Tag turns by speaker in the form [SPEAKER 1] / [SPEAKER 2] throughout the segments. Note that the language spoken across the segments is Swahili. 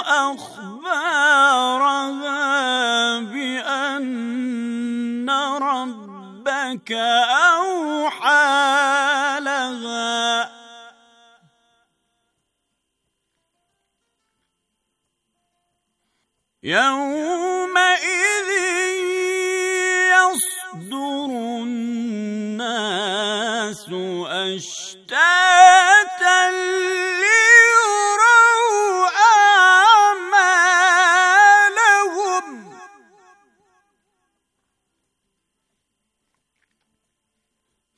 [SPEAKER 1] أخبارها بأن ربك أوحى لها يوم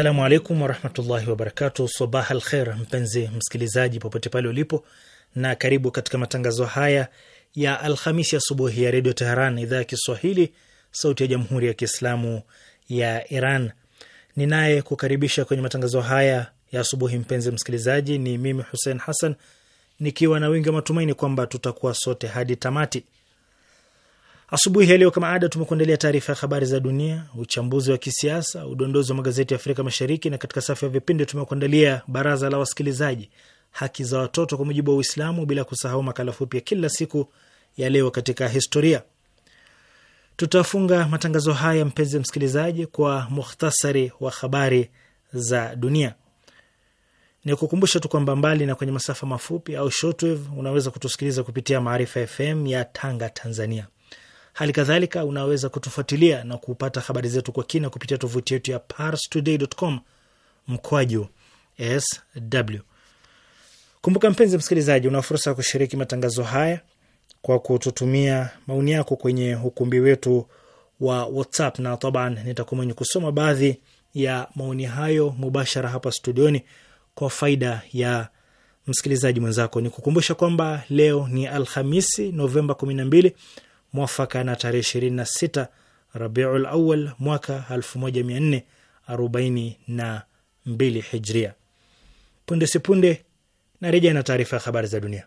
[SPEAKER 2] Assalamu alaikum warahmatullahi wabarakatu. Sabah al kher, mpenzi msikilizaji popote pale ulipo, na karibu katika matangazo haya ya Alhamisi asubuhi ya, Redio Teheran, idhaa ya Kiswahili, sauti ya Jamhuri ya Kiislamu ya Iran. Ninaye kukaribisha kwenye matangazo haya ya asubuhi, mpenzi msikilizaji, ni mimi Hussein Hassan, nikiwa na wingi wa matumaini kwamba tutakuwa sote hadi tamati. Asubuhi ya leo kama ada, tumekuandalia taarifa ya habari za dunia, uchambuzi wa kisiasa, udondozi wa magazeti ya Afrika Mashariki, na katika safu ya vipindi tumekuandalia baraza la wasikilizaji, haki za watoto kwa mujibu wa Uislamu, bila kusahau makala fupi ya kila siku ya leo katika historia. Tutafunga matangazo haya, mpenzi msikilizaji, kwa mukhtasari wa habari za dunia. Ni kukumbusha tu kwamba mbali na kwenye masafa mafupi au shortwave, unaweza kutusikiliza kupitia Maarifa FM ya Tanga, Tanzania. Hali kadhalika unaweza kutufuatilia na kupata habari zetu kwa kina kupitia tovuti yetu ya parstoday.com mkwaju sw. Kumbuka mpenzi msikilizaji, una fursa ya kushiriki matangazo haya kwa kututumia maoni yako kwenye ukumbi wetu wa WhatsApp na taban, nitakuwa mwenye kusoma baadhi ya maoni hayo mubashara hapa studioni kwa faida ya msikilizaji mwenzako. Ni kukumbusha kwamba leo ni Alhamisi, Novemba kumi na mbili mwafaka na tarehe 26 Rabiul Awal mwaka 1442 Hijria. Punde sipunde na rejea na taarifa ya habari za dunia.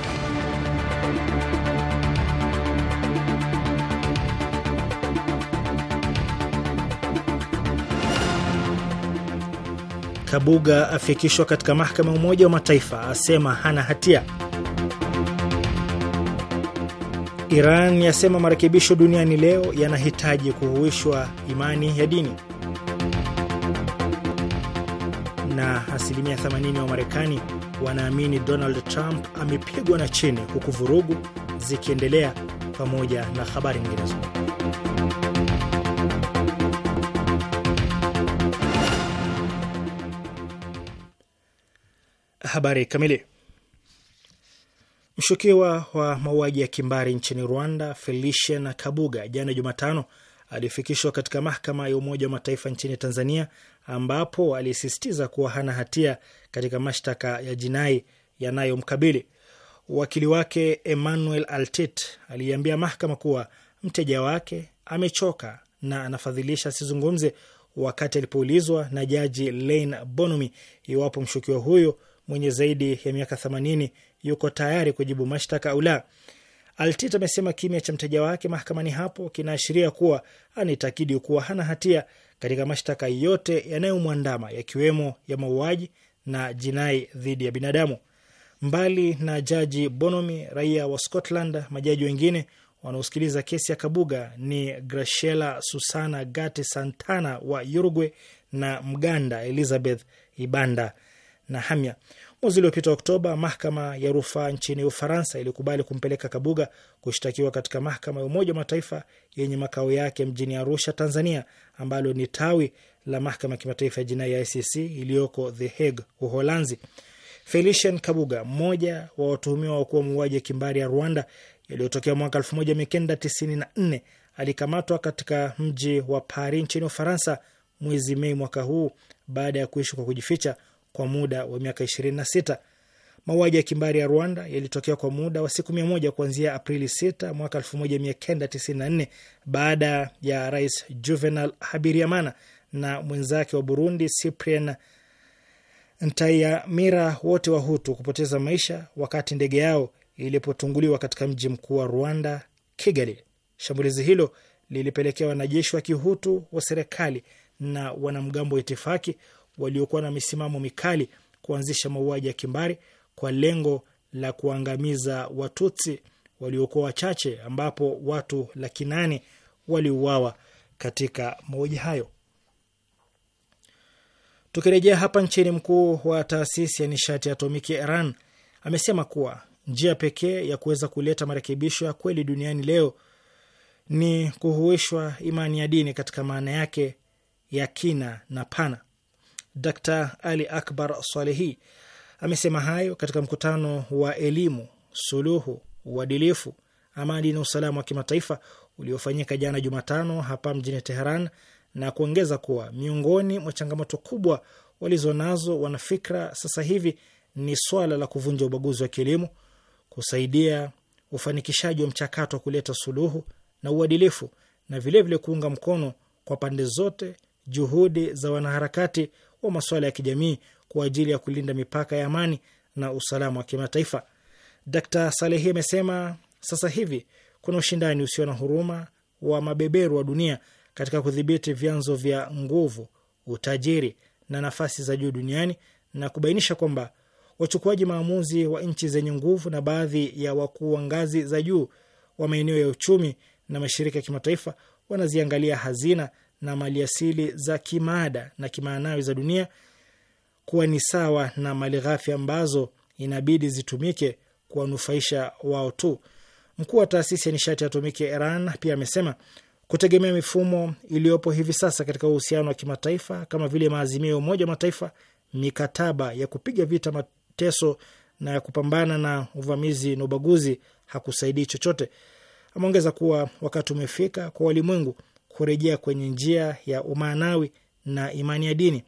[SPEAKER 2] Kabuga afikishwa katika mahakama ya Umoja wa Mataifa, asema hana hatia. Iran yasema marekebisho duniani leo yanahitaji kuhuishwa imani ya dini. Na asilimia 80 wa Marekani wanaamini Donald Trump amepigwa na chini, huku vurugu zikiendelea, pamoja na habari nyinginezo. Habari kamili. Mshukiwa wa mauaji ya kimbari nchini Rwanda, Felician Kabuga, jana Jumatano, alifikishwa katika mahakama ya Umoja wa Mataifa nchini Tanzania, ambapo alisisitiza kuwa hana hatia katika mashtaka ya jinai yanayomkabili. Wakili wake Emmanuel Altit aliiambia mahakama kuwa mteja wake amechoka na anafadhilisha asizungumze wakati alipoulizwa na jaji Lane Bonomi iwapo mshukiwa huyo mwenye zaidi ya miaka 80 yuko tayari kujibu mashtaka au la. Altit amesema kimya cha mteja wake mahakamani hapo kinaashiria kuwa anaitakidi kuwa hana hatia katika mashtaka yote yanayomwandama yakiwemo ya mauaji na jinai dhidi ya binadamu. Mbali na jaji Bonomi, raia wa Scotland, majaji wengine wanaosikiliza kesi ya Kabuga ni Graciela Susana Gate Santana wa Uruguay na Mganda Elizabeth Ibanda na Hamya. Mwezi uliopita Oktoba, mahakama ya rufaa nchini Ufaransa ilikubali kumpeleka Kabuga kushtakiwa katika mahakama ya Umoja wa Mataifa yenye makao yake mjini Arusha, Tanzania, ambalo ni tawi la mahakama ya kimataifa ya jinai ya ICC iliyoko The Hague, Uholanzi. Felician Kabuga, mmoja wa watuhumiwa wa kuwa muuaji ya kimbari ya Rwanda yaliyotokea mwaka 1994 alikamatwa katika mji wa Paris nchini Ufaransa mwezi Mei mwaka huu baada ya kuishi kwa kujificha kwa muda wa miaka 26. Mauaji ya kimbari ya Rwanda yalitokea kwa muda wa siku mia moja kuanzia Aprili 6 mwaka 1994 baada ya Rais Juvenal Habyarimana na mwenzake wa Burundi Cyprien Ntayamira, wote wa hutu kupoteza maisha wakati ndege yao ilipotunguliwa katika mji mkuu wa Rwanda, Kigali. Shambulizi hilo lilipelekea wanajeshi wa Kihutu wa serikali na wanamgambo wa itifaki waliokuwa na misimamo mikali kuanzisha mauaji ya kimbari kwa lengo la kuangamiza Watutsi waliokuwa wachache, ambapo watu laki nane waliuawa katika mauaji hayo. Tukirejea hapa nchini, mkuu wa taasisi ya nishati ya atomiki Iran amesema kuwa njia pekee ya kuweza kuleta marekebisho ya kweli duniani leo ni kuhuishwa imani ya dini katika maana yake ya kina na pana. Dr Ali Akbar Salehi amesema hayo katika mkutano wa elimu, suluhu, uadilifu, amani na usalama wa kimataifa uliofanyika jana Jumatano hapa mjini Teheran na kuongeza kuwa miongoni mwa changamoto kubwa walizonazo wanafikra sasa hivi ni swala la kuvunja ubaguzi wa kielimu, kusaidia ufanikishaji wa mchakato wa kuleta suluhu na uadilifu, na vilevile vile kuunga mkono kwa pande zote juhudi za wanaharakati wa masuala ya kijamii kwa ajili ya kulinda mipaka ya amani na usalama wa kimataifa. Dr Salehi amesema sasa hivi kuna ushindani usio na huruma wa mabeberu wa dunia katika kudhibiti vyanzo vya nguvu, utajiri na nafasi za juu duniani na kubainisha kwamba wachukuaji maamuzi wa nchi zenye nguvu na baadhi ya wakuu wa ngazi za juu wa maeneo ya uchumi na mashirika ya kimataifa wanaziangalia hazina na maliasili za kimada na kimaanawi za dunia kuwa ni sawa na mali ghafi ambazo inabidi zitumike kuwanufaisha wao tu. Mkuu wa taasisi ya nishati ya atomiki ya Iran pia amesema kutegemea mifumo iliyopo hivi sasa katika uhusiano wa kimataifa kama vile maazimio ya Umoja wa Mataifa, mikataba ya kupiga vita mateso na ya kupambana na uvamizi na ubaguzi hakusaidii chochote. Ameongeza kuwa wakati umefika kwa walimwengu kurejea kwenye njia ya umaanawi na imani ya dini,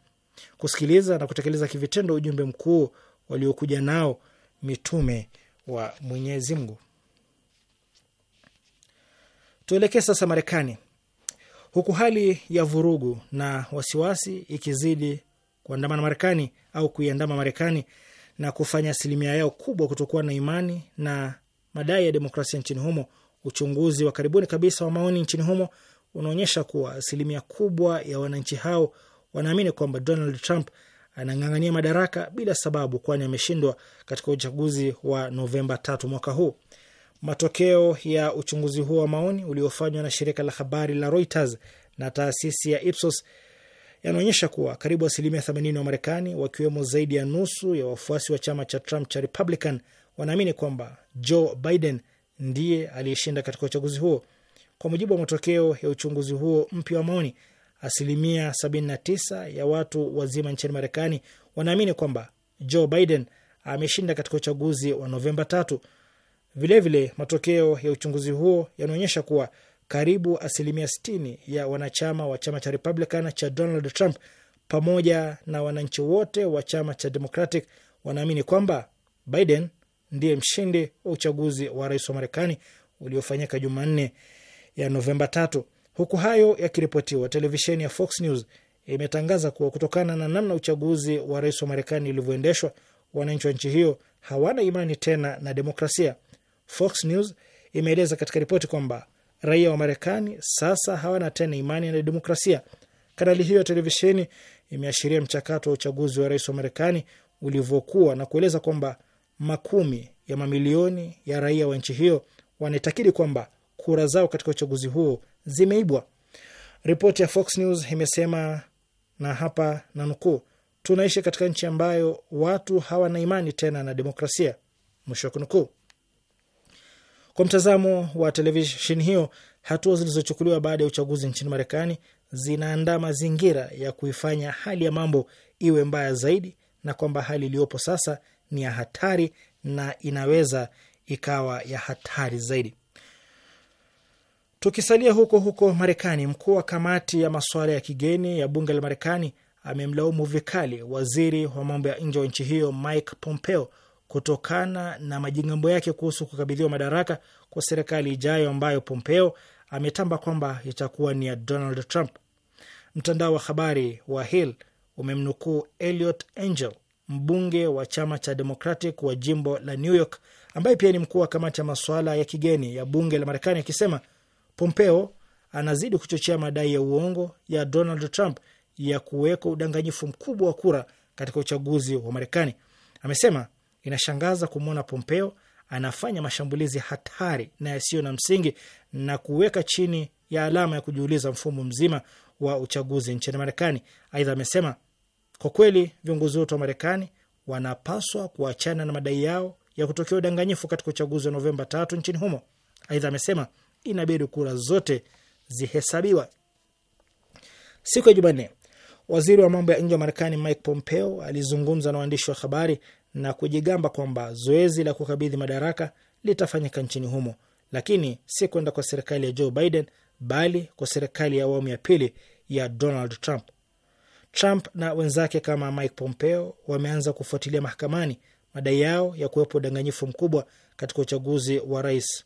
[SPEAKER 2] kusikiliza na kutekeleza kivitendo ujumbe mkuu waliokuja nao mitume wa Mwenyezi Mungu. Tuelekee sasa Marekani, huku hali ya vurugu na wasiwasi ikizidi kuandamana Marekani au kuiandama Marekani na kufanya asilimia yao kubwa kutokuwa na imani na madai ya demokrasia nchini humo. Uchunguzi wa karibuni kabisa wa maoni nchini humo unaonyesha kuwa asilimia kubwa ya wananchi hao wanaamini kwamba Donald Trump anang'ang'ania madaraka bila sababu, kwani ameshindwa katika uchaguzi wa Novemba tatu mwaka huu. Matokeo ya uchunguzi huo wa maoni uliofanywa na shirika la habari la Reuters na taasisi ya Ipsos yanaonyesha kuwa karibu asilimia 80 wa Marekani, wakiwemo zaidi ya nusu ya wafuasi wa chama cha Trump cha Republican, wanaamini kwamba Joe Biden ndiye aliyeshinda katika uchaguzi huo. Kwa mujibu wa matokeo ya uchunguzi huo mpya wa maoni, asilimia 79 ya watu wazima nchini Marekani wanaamini kwamba Joe Biden ameshinda katika uchaguzi wa Novemba tatu. Vilevile, matokeo ya uchunguzi huo yanaonyesha kuwa karibu asilimia 60 ya wanachama wa chama cha Republican cha Donald Trump pamoja na wananchi wote wa chama cha Democratic wanaamini kwamba Biden ndiye mshindi wa uchaguzi wa rais wa Marekani uliofanyika Jumanne ya Novemba tatu. Huku hayo yakiripotiwa, televisheni ya Fox News imetangaza kuwa kutokana na namna uchaguzi wa rais wa Marekani ulivyoendeshwa, wananchi wa nchi hiyo hawana imani tena na demokrasia. Fox News imeeleza katika ripoti kwamba raia wa Marekani sasa hawana tena imani na demokrasia. Kanali hiyo ya televisheni imeashiria mchakato wa uchaguzi wa rais wa Marekani ulivyokuwa na kueleza kwamba makumi ya mamilioni ya raia wa nchi hiyo wanaitakidi kwamba kura zao katika uchaguzi huo zimeibwa. Ripoti ya Fox News imesema na hapa na nukuu, tunaishi katika nchi ambayo watu hawana imani tena na demokrasia, mwisho wa kunukuu. Kwa mtazamo wa televisheni hiyo, hatua zilizochukuliwa baada ya uchaguzi nchini Marekani zinaandaa mazingira ya kuifanya hali ya mambo iwe mbaya zaidi, na kwamba hali iliyopo sasa ni ya hatari na inaweza ikawa ya hatari zaidi. Tukisalia huko huko Marekani, mkuu wa kamati ya masuala ya kigeni ya bunge la Marekani amemlaumu vikali waziri wa mambo ya nje wa nchi hiyo Mike Pompeo kutokana na majingambo yake kuhusu kukabidhiwa madaraka kwa serikali ijayo ambayo Pompeo ametamba kwamba itakuwa ni ya Donald Trump. Mtandao wa habari wa Hill umemnukuu Elliot angel mbunge wa chama cha Democratic wa jimbo la New York, ambaye pia ni mkuu wa kamati ya masuala ya kigeni ya bunge la Marekani, akisema Pompeo anazidi kuchochea madai ya uongo ya Donald Trump ya kuweka udanganyifu mkubwa wa kura katika uchaguzi wa Marekani. Amesema inashangaza kumwona Pompeo anafanya mashambulizi hatari na yasiyo na msingi na kuweka chini ya alama ya kujiuliza mfumo mzima wa uchaguzi nchini Marekani. Aidha amesema kwa kweli viongozi wote wa Marekani wanapaswa kuachana na madai yao ya kutokea udanganyifu katika uchaguzi wa Novemba tatu nchini humo. Aidha amesema inabidi kura zote zihesabiwa. Siku ya Jumanne, waziri wa mambo ya nje wa Marekani Mike Pompeo alizungumza na waandishi wa habari na kujigamba kwamba zoezi la kukabidhi madaraka litafanyika nchini humo, lakini si kwenda kwa serikali ya Joe Biden bali kwa serikali ya awamu ya pili ya Donald Trump. Trump na wenzake kama Mike Pompeo wameanza kufuatilia mahakamani madai yao ya kuwepo udanganyifu mkubwa katika uchaguzi wa rais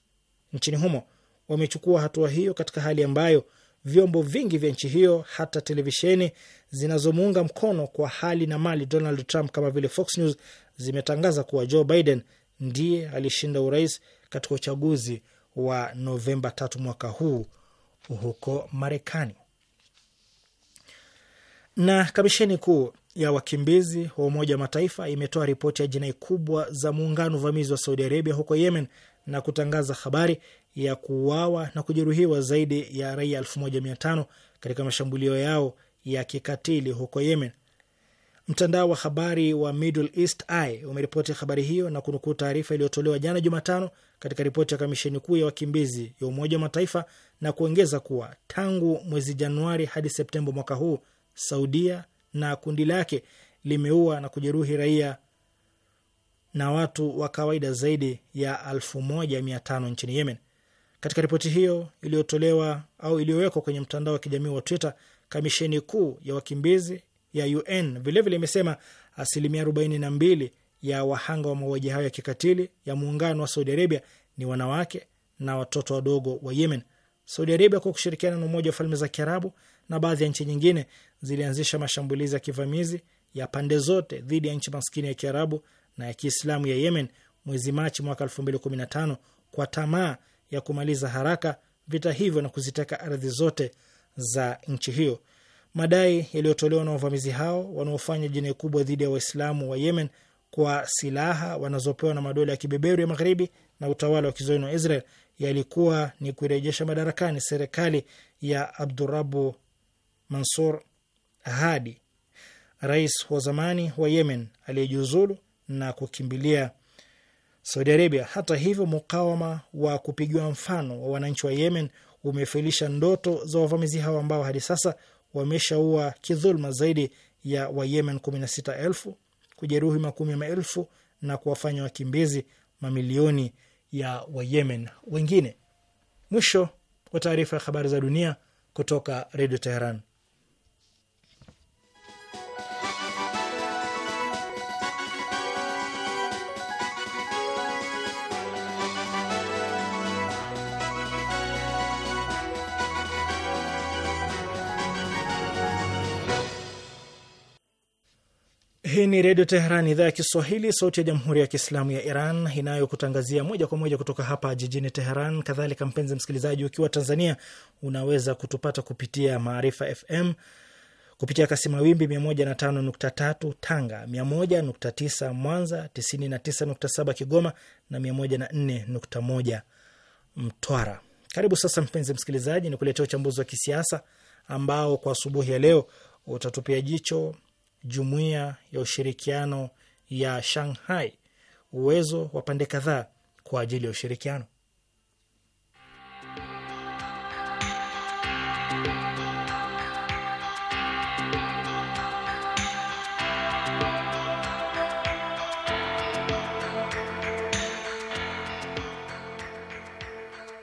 [SPEAKER 2] nchini humo wamechukua hatua hiyo katika hali ambayo vyombo vingi vya nchi hiyo, hata televisheni zinazomuunga mkono kwa hali na mali Donald Trump kama vile Fox News zimetangaza kuwa Joe Biden ndiye alishinda urais katika uchaguzi wa Novemba tatu mwaka huu huko Marekani. Na kamisheni kuu ya wakimbizi wa Umoja wa Mataifa imetoa ripoti ya jinai kubwa za muungano uvamizi wa Saudi Arabia huko Yemen na kutangaza habari ya kuuawa na kujeruhiwa zaidi ya raia 1500 katika mashambulio yao ya kikatili huko Yemen. Mtandao wa habari wa Middle East Eye umeripoti habari hiyo na kunukuu taarifa iliyotolewa jana Jumatano katika ripoti ya kamisheni kuu ya wakimbizi ya Umoja wa Mataifa na kuongeza kuwa tangu mwezi Januari hadi Septemba mwaka huu, Saudia na kundi lake limeua na kujeruhi raia na watu wa kawaida zaidi ya 1500 nchini Yemen. Katika ripoti hiyo iliyotolewa au iliyowekwa kwenye mtandao wa kijamii wa Twitter, kamisheni kuu ya wakimbizi ya UN vilevile vile imesema asilimia 42 ya wahanga wa mauaji hayo ya kikatili ya muungano wa Saudi Arabia ni wanawake na watoto wadogo wa Yemen. Saudi Arabia kwa kushirikiana na Umoja wa Falme za Kiarabu na baadhi ya nchi nyingine zilianzisha mashambulizi ya kivamizi ya pande zote dhidi ya nchi maskini ya Kiarabu na ya Kiislamu ya Yemen mwezi Machi mwaka 2015 kwa tamaa ya kumaliza haraka vita hivyo na kuziteka ardhi zote za nchi hiyo. Madai yaliyotolewa na wavamizi hao wanaofanya jinai kubwa dhidi ya Waislamu wa Yemen kwa silaha wanazopewa na madola ya kibeberu ya magharibi na utawala wa kizoeni wa Israel yalikuwa ni kuirejesha madarakani serikali ya Abdurabu Mansur Hadi, rais wa zamani wa Yemen aliyejiuzulu na kukimbilia Saudi Arabia. Hata hivyo, mukawama wa kupigiwa mfano wa wananchi wa Yemen umefilisha ndoto za wavamizi hao ambao hadi sasa wameshaua kidhulma zaidi ya Wayemen 16,000 kujeruhi makumi ya maelfu na kuwafanya wakimbizi mamilioni ya Wayemen wengine. Mwisho wa taarifa ya habari za dunia kutoka Redio Teheran. Hii ni Redio Teheran, idhaa ya Kiswahili, sauti ya Jamhuri ya Kiislamu ya Iran, inayokutangazia moja kwa moja kutoka hapa jijini Teheran. Kadhalika, mpenzi msikilizaji, ukiwa Tanzania unaweza kutupata kupitia Maarifa FM kupitia kasi mawimbi 105.3 Tanga, 101.9 Mwanza, 99.7 Kigoma na 104.1 Mtwara. Karibu sasa, mpenzi msikilizaji, ni kuletea uchambuzi wa kisiasa ambao kwa asubuhi ya leo utatupia jicho jumuiya ya ushirikiano ya Shanghai uwezo wa pande kadhaa kwa ajili ya ushirikiano.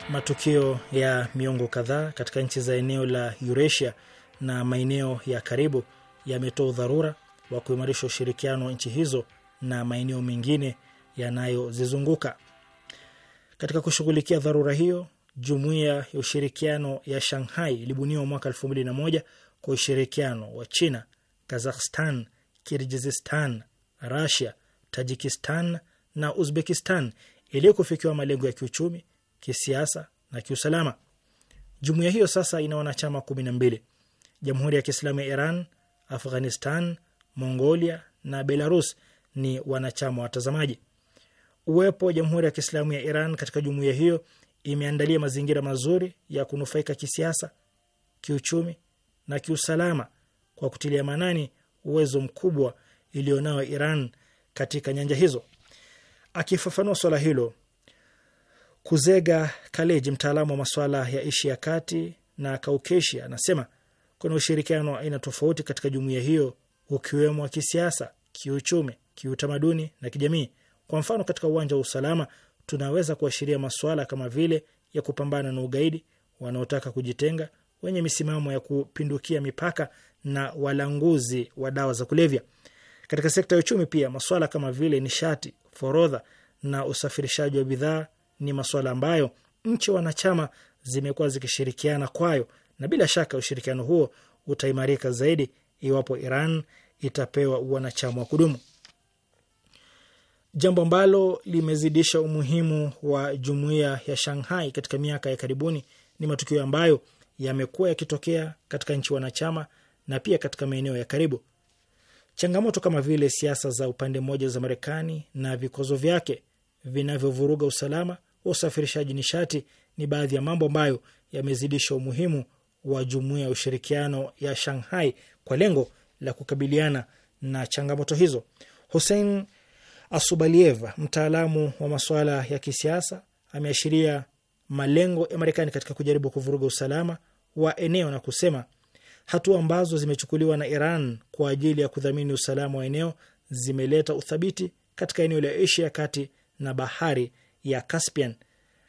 [SPEAKER 2] Matukio ya miongo kadhaa katika nchi za eneo la Eurasia na maeneo ya karibu yametoa udharura wa kuimarisha ushirikiano wa nchi hizo na maeneo mengine yanayozizunguka. Katika kushughulikia dharura hiyo, jumuiya ya ushirikiano ya Shanghai ilibuniwa mwaka elfu mbili na moja kwa ushirikiano wa China, Kazakhstan, Kirgizistan, Rasia, Tajikistan na Uzbekistan ili kufikiwa malengo ya kiuchumi, kisiasa na kiusalama. Jumuiya hiyo sasa ina wanachama kumi na mbili. Jamhuri ya Kiislamu ya Iran Afghanistan, Mongolia na Belarus ni wanachama watazamaji. Uwepo wa Jamhuri ya Kiislamu ya Iran katika jumuiya hiyo imeandalia mazingira mazuri ya kunufaika kisiasa, kiuchumi na kiusalama kwa kutilia maanani uwezo mkubwa iliyonao Iran katika nyanja hizo. Akifafanua swala hilo, Kuzega Kaleji, mtaalamu wa masuala ya Asia ya kati na Kaukesia, anasema kuna ushirikiano wa aina tofauti katika jumuiya hiyo, ukiwemo wa kisiasa, kiuchumi, kiutamaduni na kijamii. Kwa mfano, katika uwanja wa usalama tunaweza kuashiria masuala kama vile ya kupambana na ugaidi, wanaotaka kujitenga, wenye misimamo ya kupindukia mipaka na walanguzi wa dawa za kulevya. Katika sekta ya uchumi pia, masuala kama vile nishati, forodha na usafirishaji wa bidhaa ni masuala ambayo nchi wanachama zimekuwa zikishirikiana kwayo na bila shaka ushirikiano huo utaimarika zaidi iwapo Iran itapewa wanachama wa kudumu, jambo ambalo limezidisha umuhimu wa jumuiya ya Shanghai katika miaka ya karibuni. Ni matukio ambayo yamekuwa yakitokea katika nchi wanachama na pia katika maeneo ya karibu. Changamoto kama vile siasa za upande mmoja za Marekani na vikwazo vyake vinavyovuruga usalama wa usafirishaji nishati ni baadhi ya mambo ambayo yamezidisha umuhimu wa Jumuiya ya Ushirikiano ya Shanghai kwa lengo la kukabiliana na changamoto hizo. Hussein Asubalieva, mtaalamu wa masuala ya kisiasa, ameashiria malengo ya Marekani katika kujaribu kuvuruga usalama wa eneo na kusema hatua ambazo zimechukuliwa na Iran kwa ajili ya kudhamini usalama wa eneo zimeleta uthabiti katika eneo la Asia ya kati na bahari ya Caspian.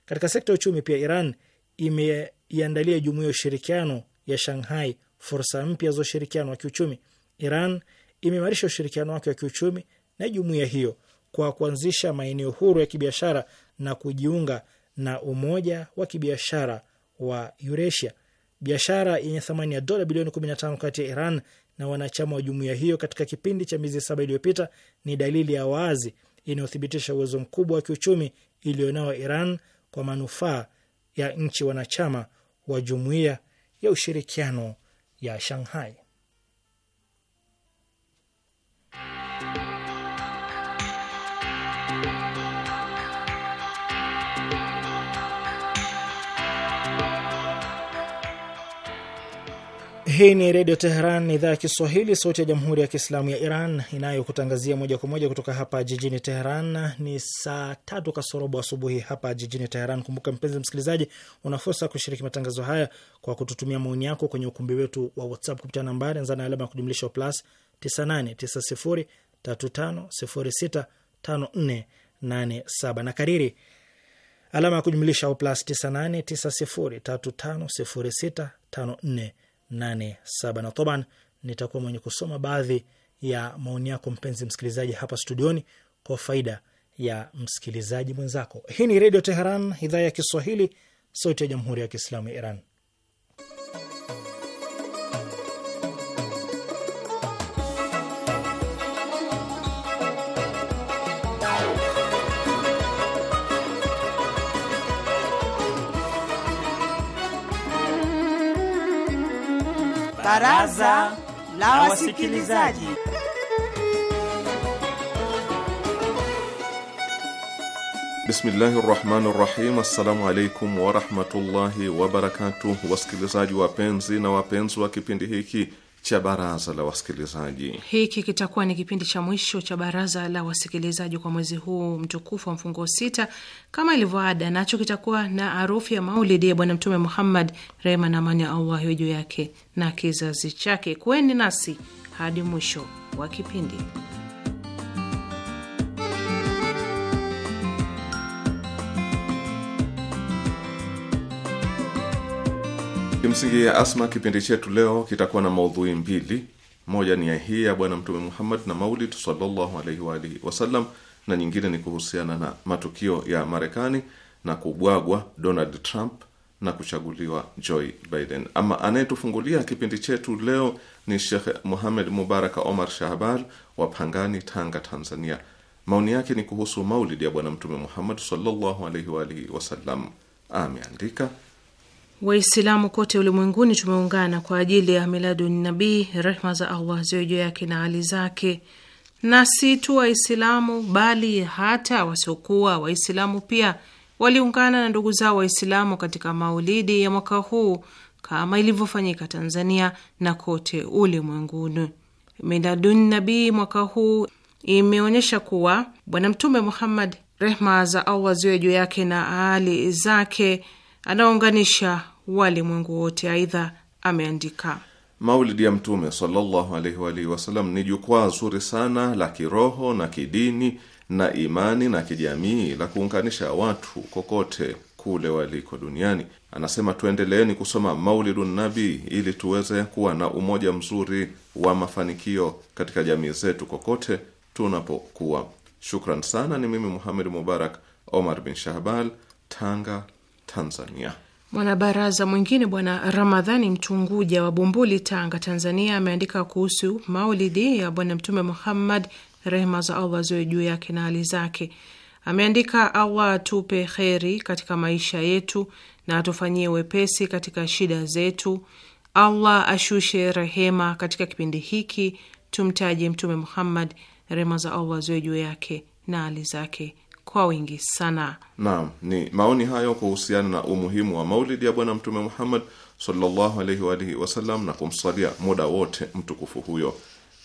[SPEAKER 2] Katika sekta ya uchumi pia, Iran ime iandalia jumuiya ya ushirikiano ya Shanghai fursa mpya za ushirikiano wa kiuchumi. Iran imeimarisha ushirikiano wake wa kiuchumi na jumuiya hiyo kwa kuanzisha maeneo huru ya kibiashara na kujiunga na umoja wa kibiashara wa Eurasia. Biashara yenye thamani ya dola bilioni 15 kati ya Iran na wanachama wa jumuiya hiyo katika kipindi cha miezi saba iliyopita ni dalili ya wazi inayothibitisha uwezo mkubwa wa kiuchumi iliyonao Iran kwa manufaa ya nchi wanachama wa Jumuiya ya Ushirikiano ya Shanghai. Hii ni Redio Teheran, idhaa ya Kiswahili, sauti ya Jamhuri ya Kiislamu ya Iran inayokutangazia moja kwa moja kutoka hapa jijini Teheran. Ni saa tatu kasorobo asubuhi hapa jijini Teheran. Kumbuka mpenzi msikilizaji, una fursa kushiriki matangazo haya kwa kututumia maoni yako kwenye ukumbi wetu wa WhatsApp kupitia nambari nzana alama ya kujumlisha plus 989035065487 na kariri alama ya kujumlisha plus 9890350654 87 na toban, nitakuwa mwenye kusoma baadhi ya maoni yako mpenzi msikilizaji hapa studioni kwa faida ya msikilizaji mwenzako. Hii ni Redio Teheran, idhaa ya Kiswahili, sauti ya Jamhuri ya Kiislamu ya Iran.
[SPEAKER 1] Baraza la
[SPEAKER 3] Wasikilizaji.
[SPEAKER 4] Bismillahi rahmani rahim. Assalamu alaikum warahmatullahi wabarakatuh, wasikilizaji wapenzi na wapenzi wa kipindi hiki cha baraza la wasikilizaji.
[SPEAKER 3] Hiki kitakuwa ni kipindi cha mwisho cha baraza la wasikilizaji kwa mwezi huu mtukufu wa mfungo sita, kama ilivyoada, nacho kitakuwa na harufu ya maulidi ya Bwana Mtume Muhammad, rehma na amani ya Allah iwe juu yake na kizazi chake. Kuweni nasi hadi mwisho wa kipindi.
[SPEAKER 4] Kimsingi ya asma, kipindi chetu leo kitakuwa na maudhui mbili. Moja ni ya hii ya Bwana Mtume Muhammad na Maulid sallallahu alaihi wa alihi wasallam, na nyingine ni kuhusiana na matukio ya Marekani na kubwagwa Donald Trump na kuchaguliwa Joe Biden. Ama anayetufungulia kipindi chetu leo ni Shekh Muhamed Mubaraka Omar shahbal wa Pangani, Tanga, Tanzania. Maoni yake ni kuhusu maulidi ya Bwana Mtume Muhammad sallallahu alaihi wa alihi wasallam. Ameandika:
[SPEAKER 3] Waislamu kote ulimwenguni tumeungana kwa ajili ya miladun nabii, rehma za Allah ziwe juu yake na hali zake, na si tu Waislamu bali hata wasiokuwa Waislamu pia waliungana na ndugu zao Waislamu katika maulidi ya mwaka huu kama ilivyofanyika Tanzania na kote ulimwenguni. Miladun nabii mwaka huu imeonyesha kuwa Bwana Mtume Muhammad, rehma za Allah ziwe juu yake na hali zake, anaunganisha walimwengu wote. Aidha ameandika
[SPEAKER 4] Maulidi ya Mtume sallallahu alaihi wa alihi wasallam ni jukwaa zuri sana la kiroho na kidini na imani na kijamii la kuunganisha watu kokote kule waliko duniani. Anasema, tuendeleeni kusoma maulidu nabi ili tuweze kuwa na umoja mzuri wa mafanikio katika jamii zetu kokote tunapokuwa. Shukran sana. Ni mimi Muhamed Mubarak Omar bin Shahbal, Tanga, Tanzania.
[SPEAKER 3] Mwanabaraza mwingine bwana Ramadhani Mtunguja wa Bumbuli, Tanga, Tanzania, ameandika kuhusu maulidi ya Bwana Mtume Muhammad, rehma za Allah ziwe juu yake na hali zake. Ameandika, Allah atupe kheri katika maisha yetu na atufanyie wepesi katika shida zetu. Allah ashushe rehema katika kipindi hiki. Tumtaje Mtume Muhammad, rehma za Allah ziwe juu yake na hali zake kwa wingi sana.
[SPEAKER 4] Naam, ni maoni hayo kuhusiana na umuhimu wa maulidi ya Bwana Mtume Muhammad sallallahu alaihi wa alihi wasallam na kumsalia muda wote mtukufu huyo,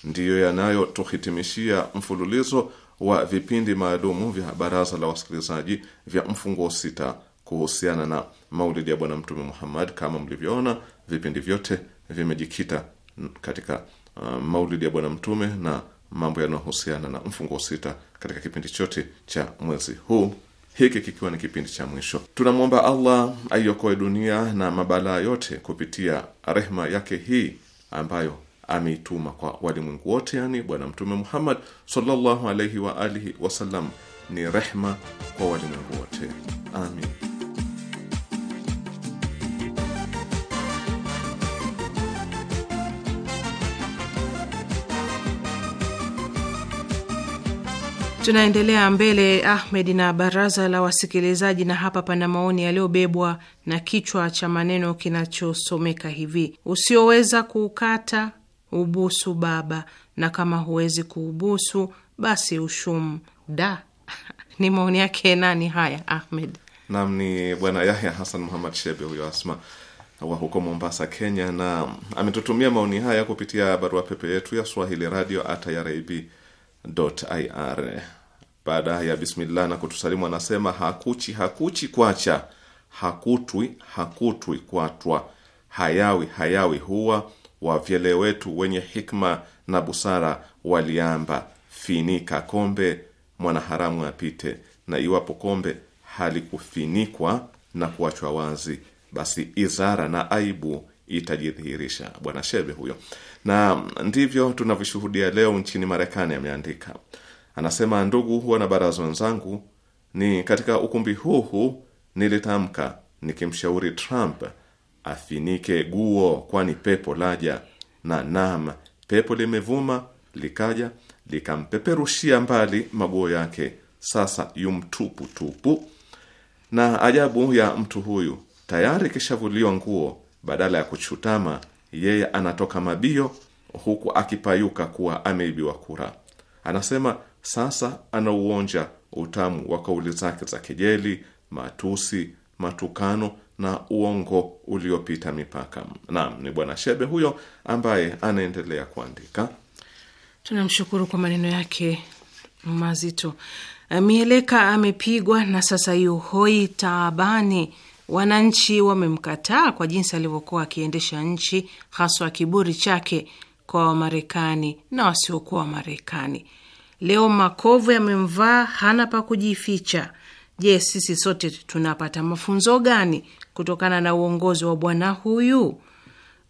[SPEAKER 4] ndiyo yanayotuhitimishia mfululizo wa vipindi maalumu vya baraza la wasikilizaji vya mfungo sita kuhusiana na maulidi ya Bwana Mtume Muhammad. Kama mlivyoona, vipindi vyote vimejikita katika uh, maulidi ya Bwana Mtume na mambo yanayohusiana na mfungo sita katika kipindi chote cha mwezi huu, hiki kikiwa ni kipindi cha mwisho. Tunamwomba Allah aiokoe dunia na mabalaa yote kupitia rehma yake hii ambayo ameituma kwa walimwengu wote, yani Bwana Mtume Muhammad sallallahu alaihi wa alihi wasallam ni rehma kwa walimwengu wote. Amin.
[SPEAKER 3] Tunaendelea mbele Ahmed na baraza la wasikilizaji, na hapa pana maoni yaliyobebwa na kichwa cha maneno kinachosomeka hivi: usioweza kuukata ubusu baba, na kama huwezi kuubusu basi ushumu da. Ni maoni yake nani haya, Ahmed?
[SPEAKER 4] Naam, ni bwana Yahya Hasan Muhammad Shebe huyo Asma wa huko Mombasa, Kenya, na ametutumia maoni haya kupitia barua pepe yetu ya swahili radio at ir. Baada ya bismillah na kutusalimu, anasema hakuchi hakuchi kwacha, hakutwi hakutwi kwatwa, hayawi hayawi huwa, wavyele wetu wenye hikma na busara waliamba, finika kombe mwanaharamu apite, na iwapo kombe halikufinikwa na kuachwa wazi, basi izara na aibu itajidhihirisha. Bwana Shebe huyo, na ndivyo tunavyoshuhudia leo nchini Marekani, ameandika. Anasema, ndugu huwa na baraza wenzangu, ni katika ukumbi huu huu nilitamka nikimshauri Trump afinike guo, kwani pepo laja. Na nam pepo limevuma likaja likampeperushia mbali maguo yake, sasa yumtuputupu. Na ajabu ya mtu huyu, tayari kishavuliwa nguo badala ya kuchutama, yeye anatoka mabio huku akipayuka kuwa ameibiwa kura. Anasema sasa anauonja utamu wa kauli zake za kejeli, matusi, matukano na uongo uliopita mipaka. Naam, ni bwana Shebe huyo ambaye anaendelea kuandika.
[SPEAKER 3] Tunamshukuru kwa maneno yake mazito. Mieleka amepigwa na sasa yu hoi taabani Wananchi wamemkataa kwa jinsi alivyokuwa akiendesha nchi, haswa kiburi chake kwa Wamarekani na wasiokuwa Wamarekani. Leo makovu yamemvaa, hana pa kujificha. Je, sisi sote tunapata mafunzo gani kutokana na uongozi wa bwana huyu?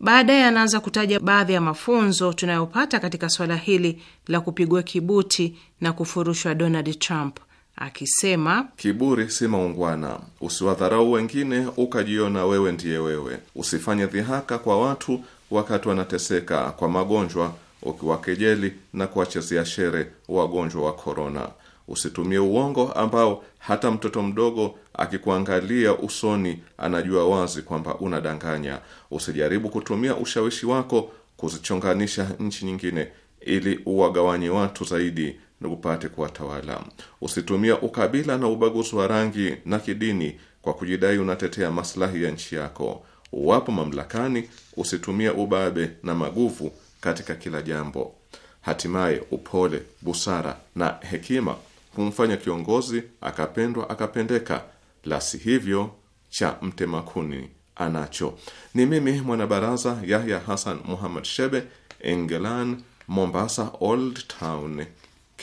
[SPEAKER 3] Baadaye anaanza kutaja baadhi ya mafunzo tunayopata katika swala hili la kupigwa kibuti na kufurushwa Donald Trump akisema,
[SPEAKER 4] kiburi si maungwana, usiwadharau wengine ukajiona wewe ndiye wewe, usifanye dhihaka kwa watu wakati wanateseka kwa magonjwa, ukiwakejeli na kuwachezea shere wagonjwa wa korona. Usitumie uongo ambao hata mtoto mdogo akikuangalia usoni anajua wazi kwamba unadanganya. Usijaribu kutumia ushawishi wako kuzichonganisha nchi nyingine ili uwagawanye watu zaidi na kuwatawala. Usitumia ukabila na ubaguzi wa rangi na kidini kwa kujidai unatetea maslahi ya nchi yako. Uwapo mamlakani, usitumia ubabe na maguvu katika kila jambo. Hatimaye, upole, busara na hekima humfanya kiongozi akapendwa akapendeka, la si hivyo cha mtemakuni anacho. Ni mimi mwanabaraza Yahya Hassan Muhammad Shebe, England, Mombasa Old Town.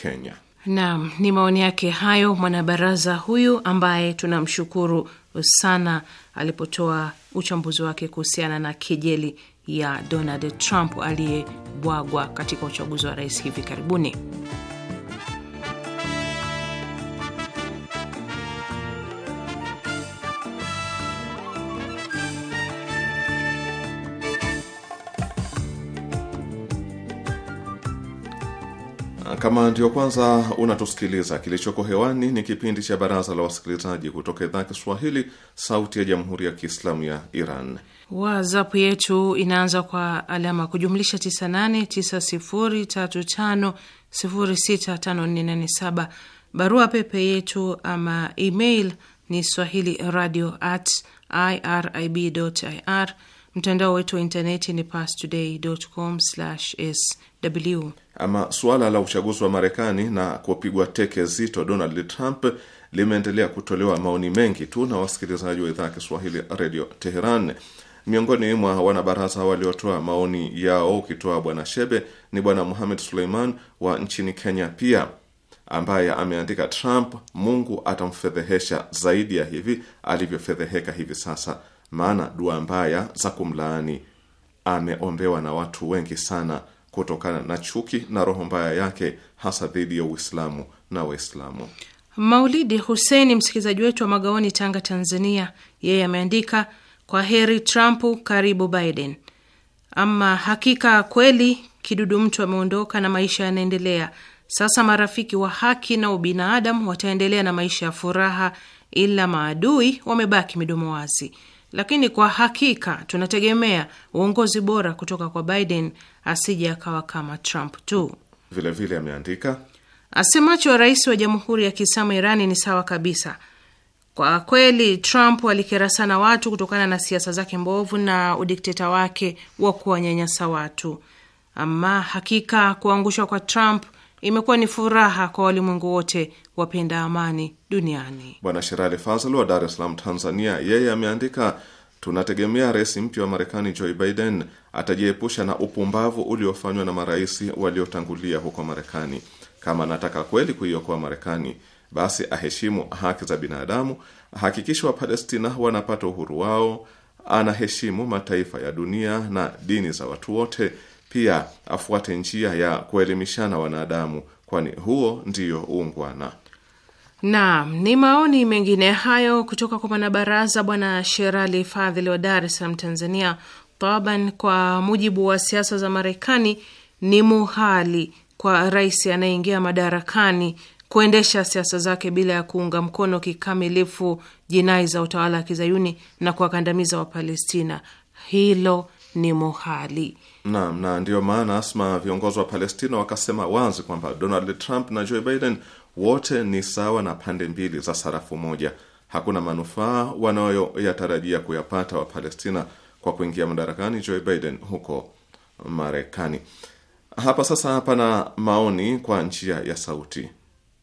[SPEAKER 4] Kenya.
[SPEAKER 3] Naam, ni maoni yake hayo mwanabaraza huyu ambaye tunamshukuru sana alipotoa uchambuzi wake kuhusiana na kejeli ya Donald Trump aliyebwagwa katika uchaguzi wa rais hivi karibuni.
[SPEAKER 4] Kama ndio kwanza unatusikiliza, kilichoko hewani ni kipindi cha Baraza la Wasikilizaji kutoka idhaa Kiswahili, Sauti ya Jamhuri ya Kiislamu ya Iran.
[SPEAKER 3] WhatsApp yetu inaanza kwa alama kujumlisha 989035065487. Barua pepe yetu ama email ni swahili radio at irib ir. Mtandao wetu wa intaneti ni pastoday.com/sw
[SPEAKER 4] ama suala la uchaguzi wa Marekani na kupigwa teke zito Donald Trump limeendelea kutolewa maoni mengi tu na wasikilizaji wa idhaa ya Kiswahili redio Teheran. Miongoni mwa wanabaraza waliotoa maoni yao, ukitoa bwana Shebe ni bwana Muhamed Suleiman wa nchini Kenya pia ambaye ameandika, Trump Mungu atamfedhehesha zaidi ya hivi alivyofedheheka hivi sasa, maana dua mbaya za kumlaani ameombewa na watu wengi sana kutokana na chuki na roho mbaya yake hasa dhidi ya Uislamu na Waislamu.
[SPEAKER 3] Maulidi Huseini, msikilizaji wetu wa Magaoni, Tanga, Tanzania, yeye ameandika kwa heri Trump, karibu Biden. Ama hakika kweli kidudu mtu ameondoka na maisha yanaendelea. Sasa marafiki wa haki na ubinadamu wataendelea na maisha ya furaha, ila maadui wamebaki midomo wazi lakini kwa hakika tunategemea uongozi bora kutoka kwa Biden, asije akawa kama Trump
[SPEAKER 4] tu. Vilevile ameandika
[SPEAKER 3] asemacho rais wa jamhuri ya Kiislamu Irani ni sawa kabisa. Kwa kweli Trump alikera sana watu kutokana na siasa zake mbovu na udikteta wake wa kuwanyanyasa watu. Ama hakika kuangushwa kwa Trump Imekuwa ni furaha kwa walimwengu wote wapenda amani duniani.
[SPEAKER 4] Bwana Sherali Fazl wa Dar es Salaam, Tanzania, yeye ameandika tunategemea rais mpya wa Marekani Joe Biden atajiepusha na upumbavu uliofanywa na marais waliotangulia huko Marekani. Kama anataka kweli kuiokoa Marekani, basi aheshimu haki za binadamu, ahakikishe Wapalestina wanapata uhuru wao, anaheshimu mataifa ya dunia na dini za watu wote pia afuate njia ya kuelimishana wanadamu, kwani huo ndiyo uungwana.
[SPEAKER 3] Naam, ni maoni mengine hayo kutoka kwa mwanabaraza Bwana Sherali Fadhili wa Dar es Salaam, Tanzania. Taban, kwa mujibu wa siasa za Marekani ni muhali kwa rais anayeingia madarakani kuendesha siasa zake bila ya kuunga mkono kikamilifu jinai za utawala wa kizayuni na kuwakandamiza Wapalestina. Hilo ni muhali.
[SPEAKER 4] Naam, na ndiyo maana Asma, viongozi wa Palestina wakasema wazi kwamba Donald Trump na Joe Biden wote ni sawa na pande mbili za sarafu moja. Hakuna manufaa wanayoyatarajia kuyapata Wapalestina kwa kuingia madarakani Joe Biden huko Marekani. Hapa sasa, hapa na maoni kwa njia ya sauti,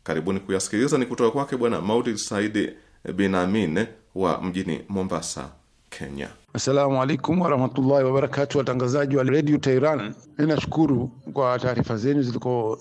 [SPEAKER 4] karibuni kuyasikiliza. Ni kutoka kwake Bwana Maulid bin Binamin wa mjini Mombasa, Kenya.
[SPEAKER 5] Assalamu alaikum warahmatullahi wabarakatu, watangazaji wa redio Tehran, ninashukuru kwa taarifa zenu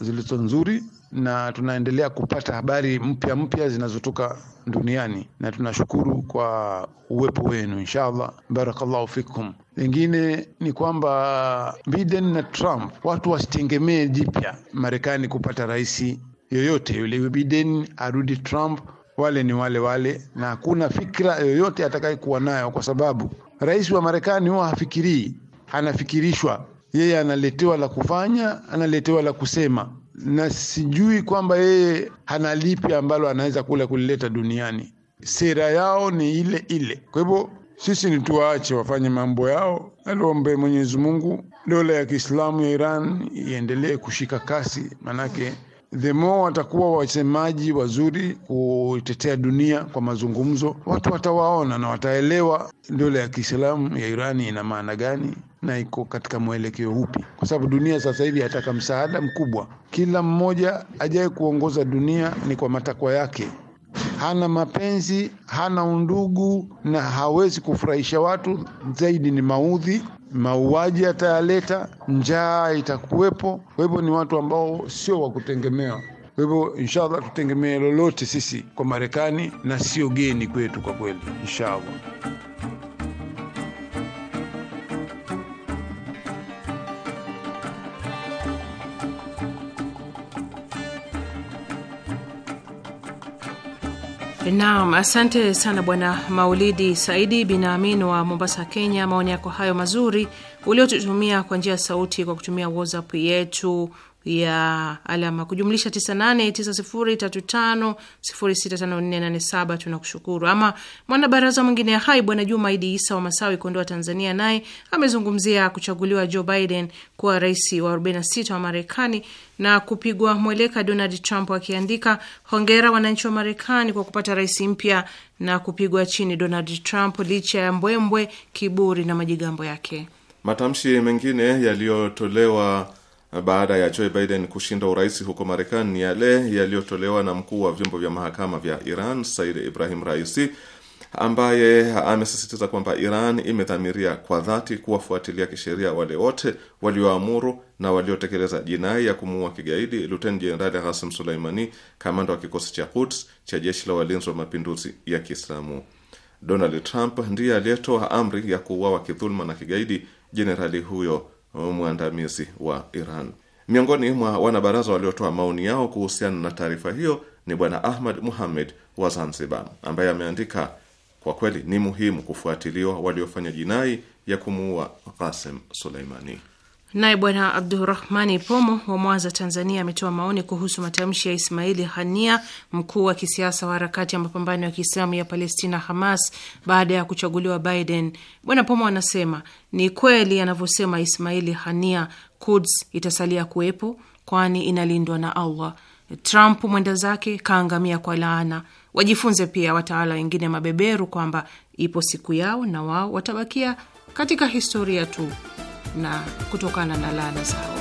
[SPEAKER 5] zilizo nzuri, na tunaendelea kupata habari mpya mpya zinazotoka duniani, na tunashukuru kwa uwepo wenu. Inshallah, barakallahu fikum. Lingine ni kwamba Biden na Trump, watu wasitengemee jipya Marekani kupata rais yoyote yule. Biden arudi, Trump, wale ni wale wale, na hakuna fikra yoyote atakayekuwa nayo kwa sababu Rais wa Marekani huwa hafikirii, anafikirishwa. Yeye analetewa la kufanya, analetewa la kusema, na sijui kwamba yeye hana lipi ambalo anaweza kula kulileta duniani. Sera yao ni ile ile. Kwa hivyo sisi ni tuwaache wafanye mambo yao, aliombe Mwenyezi Mungu dola ya Kiislamu ya Iran iendelee kushika kasi, manake the more watakuwa wasemaji wazuri kutetea dunia kwa mazungumzo, watu watawaona na wataelewa dola ya Kiislamu ya Irani ina maana gani na iko katika mwelekeo upi, kwa sababu dunia sasa hivi ataka msaada mkubwa. Kila mmoja ajaye kuongoza dunia ni kwa matakwa yake hana mapenzi, hana undugu na hawezi kufurahisha watu, zaidi ni maudhi mauaji atayaleta, njaa itakuwepo. Kwa hivyo ni watu ambao sio wa kutegemewa. Kwa hivyo inshallah, tutegemee lolote sisi kwa Marekani na sio geni kwetu kwa kweli, inshallah.
[SPEAKER 3] Naam, asante sana Bwana Maulidi Saidi bin Amin wa Mombasa, Kenya. Maoni yako hayo mazuri uliotutumia kwa njia ya sauti kwa kutumia WhatsApp yetu ya alama kujumlisha 989035065487. Tunakushukuru. Ama mwanabaraza mwingine hai Bwana Juma Idi Isa wa Masawi, Kondoa, Tanzania, naye amezungumzia kuchaguliwa Joe Biden kuwa rais wa 46 wa Marekani na kupigwa mweleka Donald Trump akiandika, hongera wananchi wa Marekani kwa kupata rais mpya na kupigwa chini Donald Trump licha ya mbwembwe, kiburi na majigambo yake.
[SPEAKER 4] Matamshi mengine yaliyotolewa baada ya Joe Biden kushinda urais huko Marekani ni yale yaliyotolewa na mkuu wa vyombo vya mahakama vya Iran Said Ibrahim Raisi ambaye amesisitiza kwamba Iran imedhamiria kwa dhati kuwafuatilia kisheria wale wote walioamuru na waliotekeleza jinai ya kumuua kigaidi Luteni Jenerali Hasim Suleimani, kamanda wa kikosi cha Quds cha jeshi la walinzi wa mapinduzi ya Kiislamu. Donald Trump ndiye aliyetoa amri ya kuuawa kidhuluma na kigaidi jenerali huyo mwandamizi wa Iran. Miongoni mwa wanabaraza waliotoa maoni yao kuhusiana na taarifa hiyo ni Bwana Ahmad Muhamed wa Zanzibar, ambaye ameandika kwa kweli ni muhimu kufuatiliwa waliofanya jinai ya kumuua Qasim Suleimani.
[SPEAKER 3] Naye Bwana Abdurahmani Pomo wa Mwanza, Tanzania, ametoa maoni kuhusu matamshi ya Ismaili Hania, mkuu wa kisiasa wa harakati ya mapambano ya kiislamu ya Palestina, Hamas, baada ya kuchaguliwa Biden. Bwana Pomo anasema ni kweli anavyosema Ismaili Hania, Kuds itasalia kuwepo kwani inalindwa na Allah. Trump mwenda zake kaangamia kwa laana. Wajifunze pia watawala wengine mabeberu kwamba ipo siku yao na wao watabakia katika historia tu na kutokana na laana zao.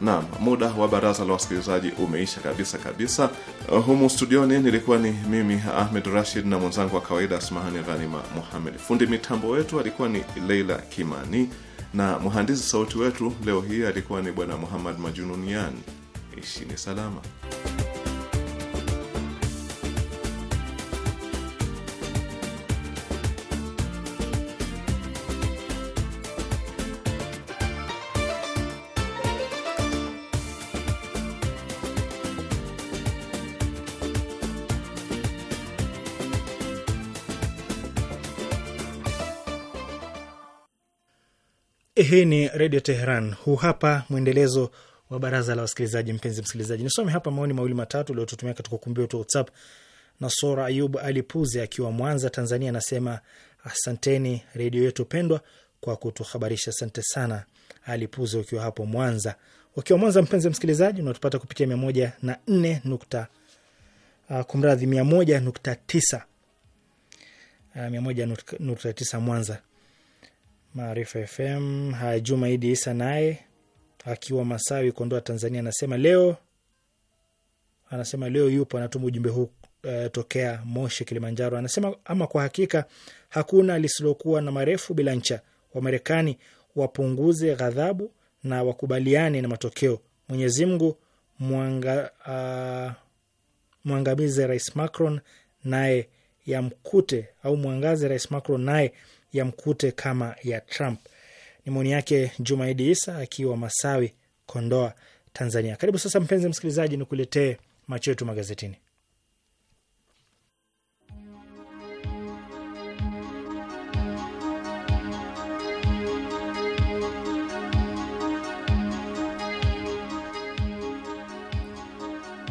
[SPEAKER 4] Naam, muda wa baraza la wasikilizaji umeisha kabisa kabisa. Uh, humu studioni nilikuwa ni mimi Ahmed Rashid na mwenzangu wa kawaida Asmahani Ghanima Muhamed. Fundi mitambo wetu alikuwa ni Leila Kimani na mhandisi sauti wetu leo hii alikuwa ni Bwana Muhammad Majununian. Ishini salama.
[SPEAKER 2] Hii ni Redio Teheran. Huu hapa mwendelezo wa baraza la wasikilizaji. Mpenzi msikilizaji, nisome hapa maoni mawili matatu uliotutumia katika ukumbi wetu wa WhatsApp. Nasora Ayub ali Puzi akiwa Mwanza, Tanzania, anasema asanteni redio yetu pendwa kwa kutuhabarisha. Asante sana ali Puzi ukiwa hapo Mwanza. Ukiwa Mwanza, mpenzi msikilizaji, unatupata kupitia mia moja na nne nukta uh, kumradhi, mia moja nukta tisa uh, mia moja nukta tisa Mwanza. Maarifa FM. Haya, Juma Idi Isa naye akiwa Masawi, Kondoa, Tanzania, anasema leo anasema leo yupo, anatuma ujumbe huu uh, tokea Moshi, Kilimanjaro. Anasema ama kwa hakika hakuna lisilokuwa na marefu bila ncha. Wamarekani wapunguze ghadhabu na wakubaliane na matokeo. Mwenyezi Mungu mwanga, uh, mwangamize Rais Macron naye yamkute au mwangaze Rais Macron naye ya mkute kama ya Trump. Ni maoni yake Jumaidi Isa akiwa Masawi, Kondoa, Tanzania. Karibu sasa, mpenzi msikilizaji, nikuletee macho yetu magazetini.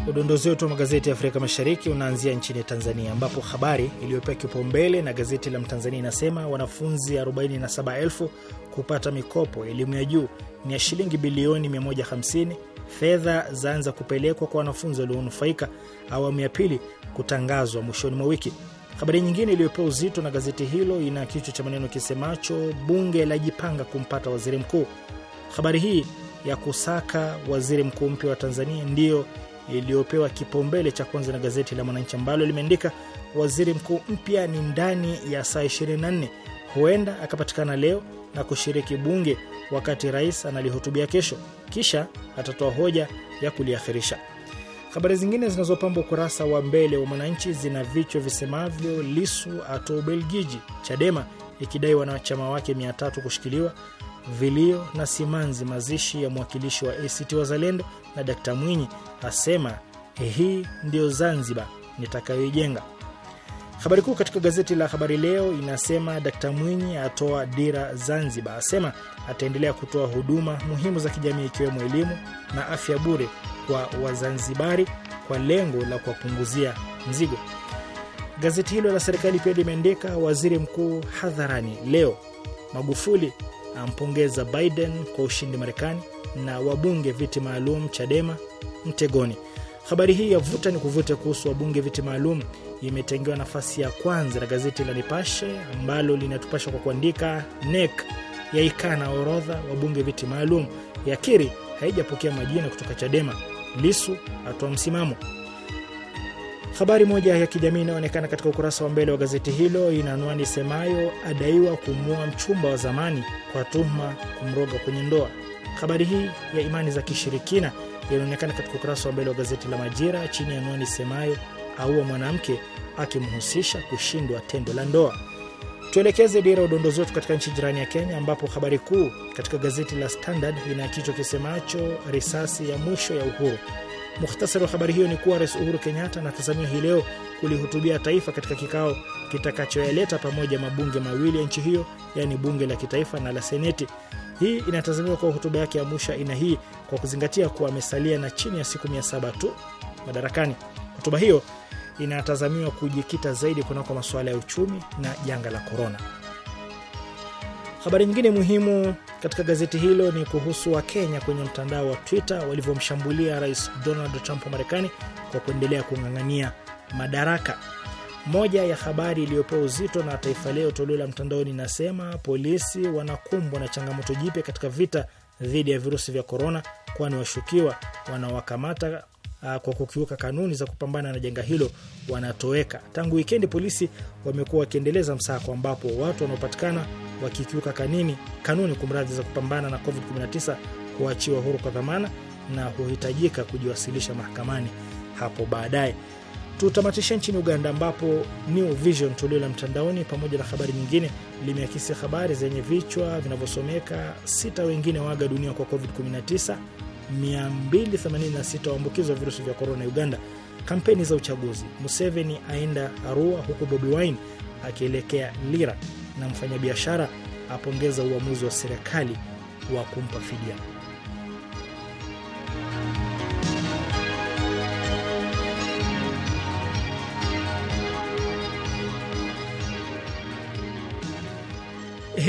[SPEAKER 2] Udondozi wetu wa magazeti ya Afrika Mashariki unaanzia nchini Tanzania, ambapo habari iliyopewa kipaumbele na gazeti la Mtanzania inasema wanafunzi 47,000 kupata mikopo elimu ya juu ni ya shilingi bilioni 150. Fedha zaanza kupelekwa kwa wanafunzi walionufaika awamu ya pili kutangazwa mwishoni mwa wiki. Habari nyingine iliyopewa uzito na gazeti hilo ina kichwa cha maneno kisemacho bunge lajipanga kumpata waziri mkuu. Habari hii ya kusaka waziri mkuu mpya wa Tanzania ndiyo iliyopewa kipaumbele cha kwanza na gazeti la Mwananchi ambalo limeandika waziri mkuu mpya ni ndani ya saa 24 huenda akapatikana leo na kushiriki bunge wakati rais analihutubia kesho, kisha atatoa hoja ya kuliakhirisha. Habari zingine zinazopamba ukurasa wa mbele wa Mwananchi zina vichwa visemavyo: Lisu ato Ubelgiji, Chadema ikidai wanachama wake tatu kushikiliwa, vilio na simanzi mazishi ya mwakilishi wa ACT Wazalendo, na Dkt Mwinyi asema hii ndiyo Zanzibar nitakayoijenga. Habari kuu katika gazeti la Habari Leo inasema Dkt Mwinyi atoa dira Zanzibar, asema ataendelea kutoa huduma muhimu za kijamii ikiwemo elimu na afya bure kwa Wazanzibari kwa lengo la kuwapunguzia mzigo. Gazeti hilo la serikali pia limeandika waziri mkuu hadharani leo, Magufuli ampongeza Biden kwa ushindi Marekani, na wabunge viti maalum Chadema mtegoni. Habari hii ya vuta ni kuvute kuhusu wabunge viti maalum imetengewa nafasi ya kwanza na gazeti la Nipashe ambalo linatupasha kwa kuandika NEC yaikana orodha wabunge viti maalum, yakiri haijapokea majina kutoka Chadema, Lisu atoa msimamo. Habari moja ya kijamii inayoonekana katika ukurasa wa mbele wa gazeti hilo ina anwani semayo adaiwa kumua mchumba wa zamani kwa tuhuma kumroga kwenye ndoa. Habari hii ya imani za kishirikina yanaonekana katika ukurasa wa mbele wa gazeti la Majira chini ya anwani semayo aua mwanamke akimhusisha kushindwa tendo la ndoa. Tuelekeze dira udondozi wetu katika nchi jirani ya Kenya, ambapo habari kuu katika gazeti la Standard ina kichwa kisemacho risasi ya mwisho ya Uhuru. Muhtasari wa habari hiyo ni kuwa Rais Uhuru Kenyatta anatazamia hii leo kulihutubia taifa katika kikao kitakachoyaleta pamoja mabunge mawili ya nchi hiyo, yaani bunge la kitaifa na la Seneti. Hii inatazamiwa kuwa hotuba yake ya mwisho aina hii kwa kuzingatia kuwa amesalia na chini ya siku mia saba tu madarakani. Hotuba hiyo inatazamiwa kujikita zaidi kunako masuala ya uchumi na janga la korona. Habari nyingine muhimu katika gazeti hilo ni kuhusu Wakenya kwenye mtandao wa Twitter walivyomshambulia Rais Donald Trump wa Marekani kwa kuendelea kung'ang'ania madaraka. Moja ya habari iliyopewa uzito na Taifa Leo toleo la mtandaoni inasema polisi wanakumbwa na changamoto jipya katika vita dhidi ya virusi vya korona kwani washukiwa wanaowakamata ah, kwa kukiuka kanuni za kupambana na janga hilo wanatoweka. Tangu wikendi, polisi wamekuwa wakiendeleza msako ambapo watu wanaopatikana wakikiuka kanuni, kanuni kumradhi, za kupambana na COVID-19 huachiwa huru kwa dhamana na huhitajika kujiwasilisha mahakamani hapo baadaye. Tutamatisha nchini Uganda ambapo New Vision toleo la mtandaoni pamoja na habari nyingine limeakisi habari zenye vichwa vinavyosomeka sita wengine waaga dunia kwa COVID-19 286 waambukizwa virusi vya korona Uganda. Kampeni za uchaguzi, Museveni aenda Arua huku Bobi Wine akielekea Lira, na mfanyabiashara apongeza uamuzi wa serikali wa kumpa fidia.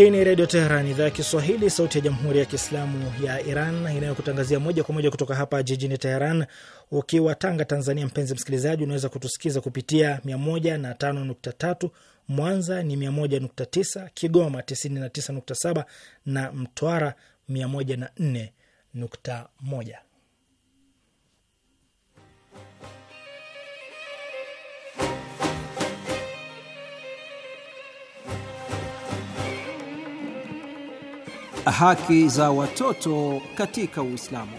[SPEAKER 2] Hii ni Redio Teheran, idhaa ya Kiswahili, sauti ya Jamhuri ya Kiislamu ya Iran inayokutangazia moja kwa moja kutoka hapa jijini Teheran. Ukiwa Tanga, Tanzania, mpenzi msikilizaji, unaweza kutusikiza kupitia 105.3, Mwanza ni 101.9, Kigoma 99.7 na Mtwara 104.1. Haki za watoto katika Uislamu.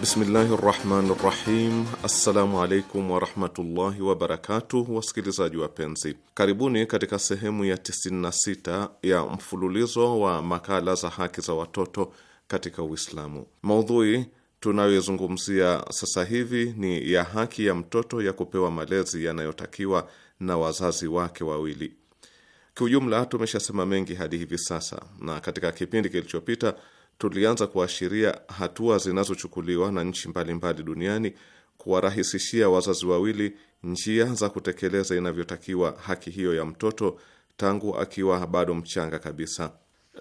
[SPEAKER 4] Bismillahi rahmani rahim. Assalamu alaikum warahmatullahi wabarakatuh. Wasikilizaji wapenzi, karibuni katika sehemu ya 96 ya mfululizo wa makala za haki za watoto katika Uislamu. Maudhui tunayoizungumzia sasa hivi ni ya haki ya mtoto ya kupewa malezi yanayotakiwa na wazazi wake wawili. Kiujumla, tumeshasema mengi hadi hivi sasa, na katika kipindi kilichopita tulianza kuashiria hatua zinazochukuliwa na nchi mbalimbali duniani kuwarahisishia wazazi wawili njia za kutekeleza inavyotakiwa haki hiyo ya mtoto tangu akiwa bado mchanga kabisa.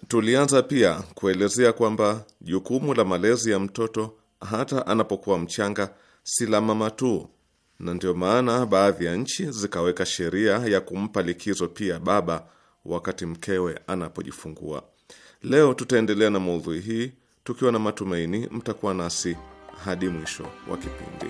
[SPEAKER 4] Tulianza pia kuelezea kwamba jukumu la malezi ya mtoto hata anapokuwa mchanga si la mama tu, na ndio maana baadhi ya nchi zikaweka sheria ya kumpa likizo pia baba wakati mkewe anapojifungua. Leo tutaendelea na maudhui hii tukiwa na matumaini mtakuwa nasi hadi mwisho wa kipindi.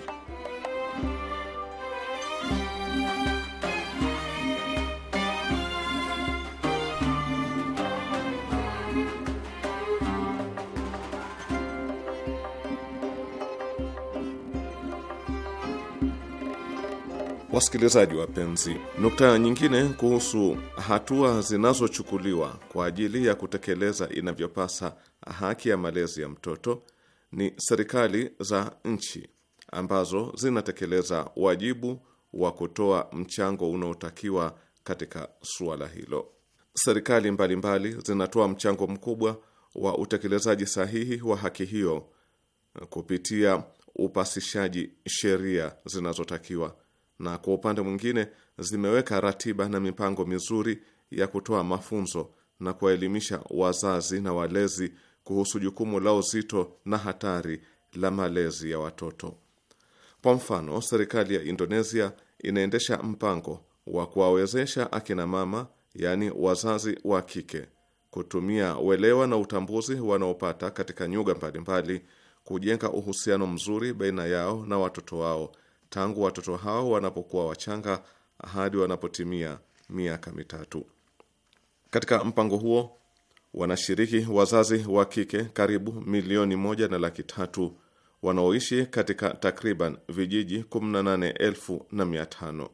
[SPEAKER 4] Wasikilizaji wapenzi, nukta nyingine kuhusu hatua zinazochukuliwa kwa ajili ya kutekeleza inavyopasa haki ya malezi ya mtoto ni serikali za nchi ambazo zinatekeleza wajibu wa kutoa mchango unaotakiwa katika suala hilo. Serikali mbalimbali zinatoa mchango mkubwa wa utekelezaji sahihi wa haki hiyo kupitia upasishaji sheria zinazotakiwa na kwa upande mwingine zimeweka ratiba na mipango mizuri ya kutoa mafunzo na kuwaelimisha wazazi na walezi kuhusu jukumu la uzito na hatari la malezi ya watoto. Kwa mfano, serikali ya Indonesia inaendesha mpango wa kuwawezesha akina mama, yaani wazazi wa kike, kutumia uelewa na utambuzi wanaopata katika nyuga mbalimbali kujenga uhusiano mzuri baina yao na watoto wao tangu watoto hao wanapokuwa wachanga hadi wanapotimia miaka mitatu. Katika mpango huo wanashiriki wazazi wa kike karibu milioni moja na laki tatu wanaoishi katika takriban vijiji 18,500.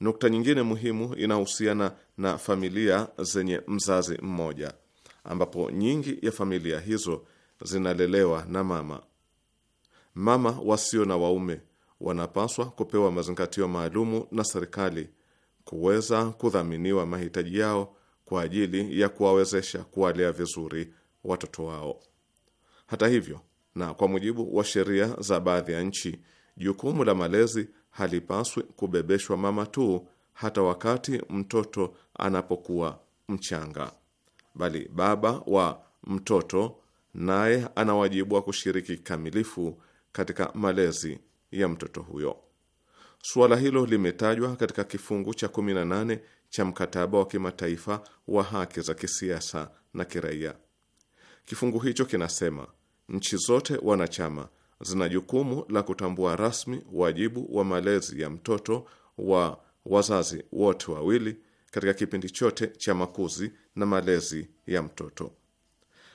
[SPEAKER 4] Nukta nyingine muhimu inahusiana na familia zenye mzazi mmoja ambapo nyingi ya familia hizo zinalelewa na mama. Mama wasio na waume wanapaswa kupewa mazingatio maalumu na serikali kuweza kudhaminiwa mahitaji yao kwa ajili ya kuwawezesha kuwalea vizuri watoto wao. Hata hivyo, na kwa mujibu wa sheria za baadhi ya nchi, jukumu la malezi halipaswi kubebeshwa mama tu, hata wakati mtoto anapokuwa mchanga, bali baba wa mtoto naye ana wajibu wa kushiriki kikamilifu katika malezi ya mtoto huyo. Suala hilo limetajwa katika kifungu cha 18 cha mkataba wa kimataifa wa haki za kisiasa na kiraia. Kifungu hicho kinasema nchi zote wanachama zina jukumu la kutambua rasmi wajibu wa malezi ya mtoto wa wazazi wote wawili katika kipindi chote cha makuzi na malezi ya mtoto.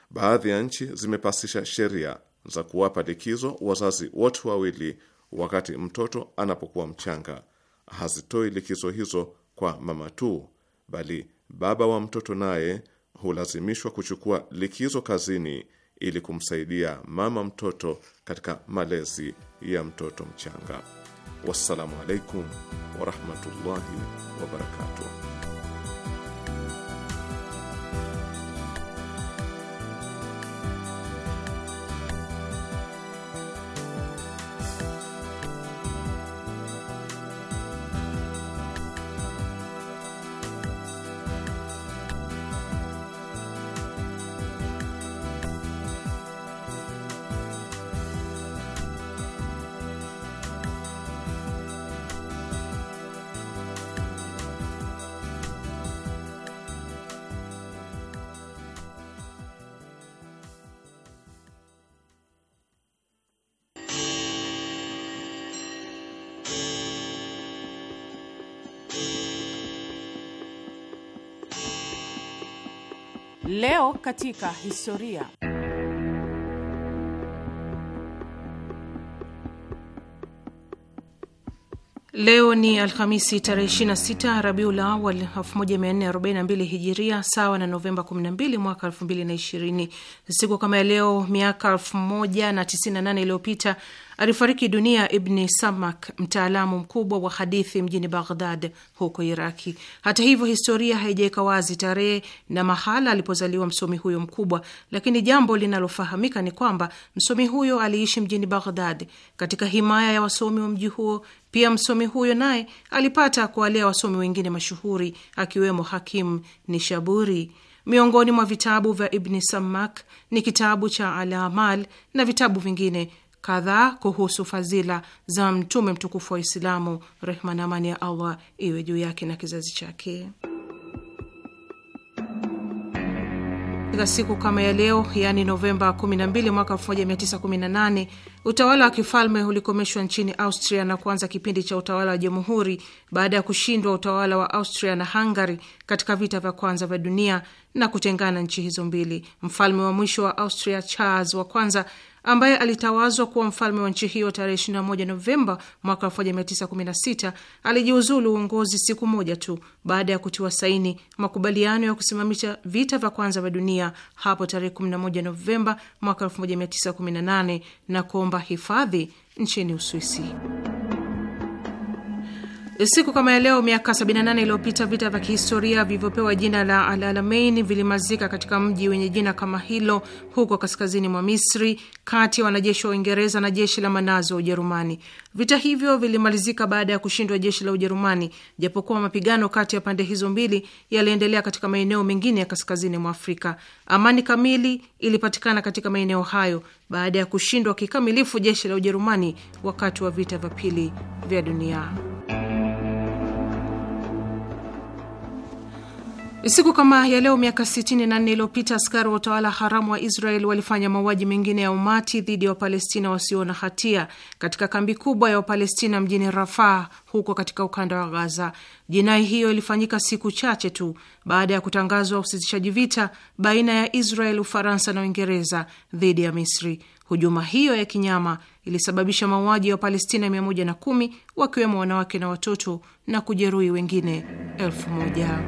[SPEAKER 4] Baadhi ya nchi zimepasisha sheria za kuwapa likizo wazazi wote wawili wakati mtoto anapokuwa mchanga, hazitoi likizo hizo kwa mama tu, bali baba wa mtoto naye hulazimishwa kuchukua likizo kazini ili kumsaidia mama mtoto katika malezi ya mtoto mchanga. Wassalamu alaikum warahmatullahi wabarakatuh.
[SPEAKER 3] Leo katika historia. Leo ni Alhamisi tarehe 26 Rabiul Awal 1442 Hijiria, sawa na Novemba 12 mwaka 2020. Siku kama ya leo miaka 1098 iliyopita alifariki dunia Ibni Samak, mtaalamu mkubwa wa hadithi mjini Baghdad huko Iraki. Hata hivyo, historia haijaweka wazi tarehe na mahala alipozaliwa msomi huyo mkubwa, lakini jambo linalofahamika ni kwamba msomi huyo aliishi mjini Baghdad katika himaya ya wasomi wa mji huo. Pia msomi huyo naye alipata kuwalea wasomi wengine mashuhuri akiwemo Hakim Nishaburi. Miongoni mwa vitabu vya Ibni Samak ni kitabu cha Al Amal na vitabu vingine kadhaa kuhusu fadhila za mtume mtukufu wa islamu rehma na amani ya Allah iwe juu yake na kizazi chake. Katika siku kama ya leo, yaani Novemba 12 mwaka 1918 Utawala wa kifalme ulikomeshwa nchini Austria na kuanza kipindi cha utawala wa jamhuri baada ya kushindwa utawala wa Austria na Hungary katika vita vya kwanza vya dunia na kutengana nchi hizo mbili. Mfalme wa mwisho wa Austria Charles wa kwanza ambaye alitawazwa kuwa mfalme wa nchi hiyo tarehe 21 Novemba mwaka 1916 alijiuzulu uongozi siku moja tu baada ya kutiwa saini makubaliano ya kusimamisha vita vya kwanza vya dunia hapo tarehe 11 Novemba mwaka 1918 na kuomba kuomba hifadhi nchini Uswisi. Siku kama ya leo miaka 78 iliyopita vita vya kihistoria vilivyopewa jina la Al Alamein vilimalizika katika mji wenye jina kama hilo huko kaskazini mwa Misri, kati ya wanajeshi wa Uingereza na jeshi la manazi wa Ujerumani. Vita hivyo vilimalizika baada ya kushindwa jeshi la Ujerumani, japokuwa mapigano kati ya pande hizo mbili yaliendelea katika maeneo mengine ya kaskazini mwa Afrika. Amani kamili ilipatikana katika maeneo hayo baada ya kushindwa kikamilifu jeshi la Ujerumani wakati wa vita vya pili vya dunia. Siku kama ya leo miaka 64 iliyopita askari wa utawala haramu wa Israel walifanya mauaji mengine ya umati dhidi ya Wapalestina wasio na hatia katika kambi kubwa ya Wapalestina mjini Rafah huko katika ukanda wa Gaza. Jinai hiyo ilifanyika siku chache tu baada ya kutangazwa usitishaji vita baina ya Israel, Ufaransa na Uingereza dhidi ya Misri. Hujuma hiyo ya kinyama ilisababisha mauaji ya Wapalestina 110 wakiwemo wanawake na watoto na kujeruhi wengine elfu moja.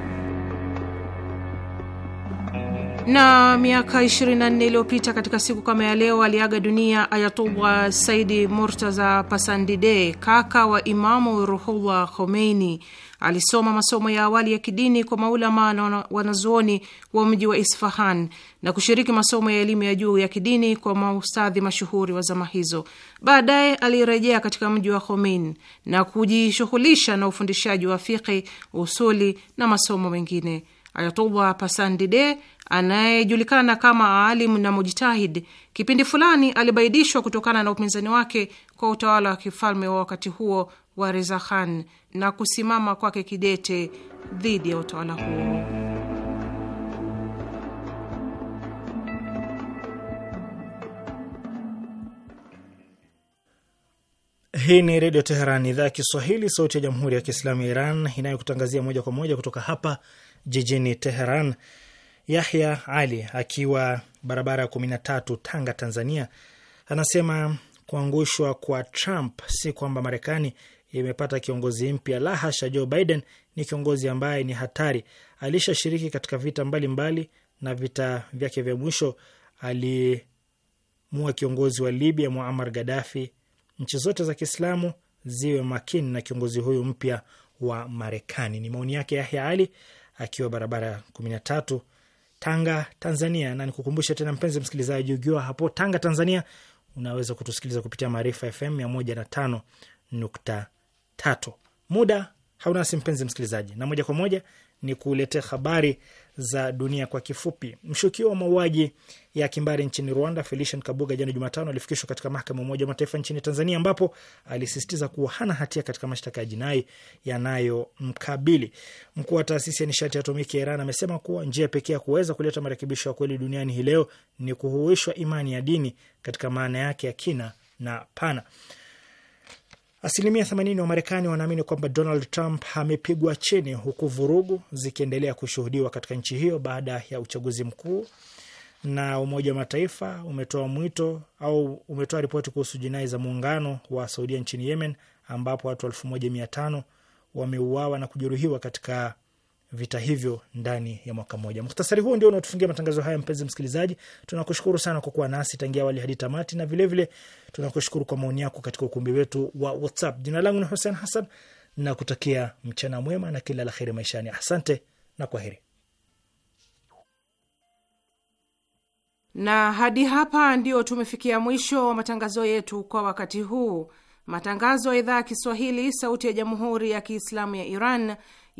[SPEAKER 3] Na miaka 24 iliyopita katika siku kama ya leo aliaga dunia Ayatullah Saidi Murtaza Pasandide, kaka wa Imamu Ruhullah Khomeini. Alisoma masomo ya awali ya kidini kwa maulama na wanazuoni wa mji wa Isfahan na kushiriki masomo ya elimu ya juu ya kidini kwa maustadhi mashuhuri wa zama hizo. Baadaye alirejea katika mji wa Khomein na kujishughulisha na ufundishaji wa fiqhi, usuli na masomo mengine. Ayatullah Pasandide anayejulikana kama alim na mujtahid, kipindi fulani alibaidishwa kutokana na upinzani wake kwa utawala wa kifalme wa wakati huo wa Reza Khan na kusimama kwake kidete dhidi ya utawala huo.
[SPEAKER 2] Hii ni Redio Teheran, idhaa ya Kiswahili, sauti ya Jamhuri ya Kiislamu ya Iran, inayokutangazia moja kwa moja kutoka hapa jijini Teheran. Yahya Ali akiwa barabara ya kumi na tatu Tanga, Tanzania, anasema kuangushwa kwa Trump si kwamba Marekani imepata kiongozi mpya, la hasha. Joe Biden ni kiongozi ambaye ni hatari, alishashiriki katika vita mbalimbali mbali, na vita vyake vya mwisho alimua kiongozi wa Libya Muammar Gaddafi. Nchi zote za Kiislamu ziwe makini na kiongozi huyu mpya wa Marekani. Ni maoni yake Yahya Ali akiwa barabara ya kumi na tatu Tanga, Tanzania. Na nikukumbusha tena mpenzi msikilizaji, ukiwa hapo Tanga, Tanzania, unaweza kutusikiliza kupitia Maarifa FM mia moja na tano nukta tatu Muda haunasi mpenzi msikilizaji, na moja kwa moja ni kuletea habari za dunia kwa kifupi. Mshukiwa wa mauaji ya kimbari nchini Rwanda, Felician Kabuga, jana Jumatano, alifikishwa katika mahakama ya Umoja wa Mataifa nchini Tanzania, ambapo alisisitiza kuwa hana hatia katika mashtaka ya jinai yanayomkabili. Mkuu wa taasisi ya nishati ya atomiki ya Iran amesema kuwa njia pekee ya kuweza kuleta marekebisho ya kweli duniani hii leo ni kuhuishwa imani ya dini katika maana yake ya kina na pana. Asilimia 80 wa Marekani wanaamini kwamba Donald Trump amepigwa chini, huku vurugu zikiendelea kushuhudiwa katika nchi hiyo baada ya uchaguzi mkuu. Na Umoja wa Mataifa umetoa mwito au umetoa ripoti kuhusu jinai za muungano wa Saudia nchini Yemen, ambapo watu 1500 wameuawa na kujeruhiwa katika vita hivyo ndani ya mwaka mmoja. Muhtasari huo ndio unaotufungia matangazo haya. Mpenzi msikilizaji, tunakushukuru sana kwa kuwa nasi tangia awali hadi tamati, na vilevile tunakushukuru kwa maoni yako katika ukumbi wetu wa WhatsApp. Jina langu ni Hussein Hassan na kutakia mchana mwema na kila la heri maishani. Asante na kwaheri.
[SPEAKER 3] Na hadi hapa ndio tumefikia mwisho wa matangazo yetu kwa wakati huu. Matangazo ya idhaa ya Kiswahili, sauti ya jamhuri ya kiislamu ya Iran